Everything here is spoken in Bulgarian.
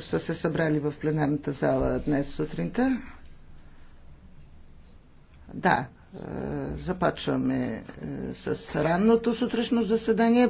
са се събрали в пленарната зала днес сутринта. Да, е, започваме е, с ранното сутрешно заседание.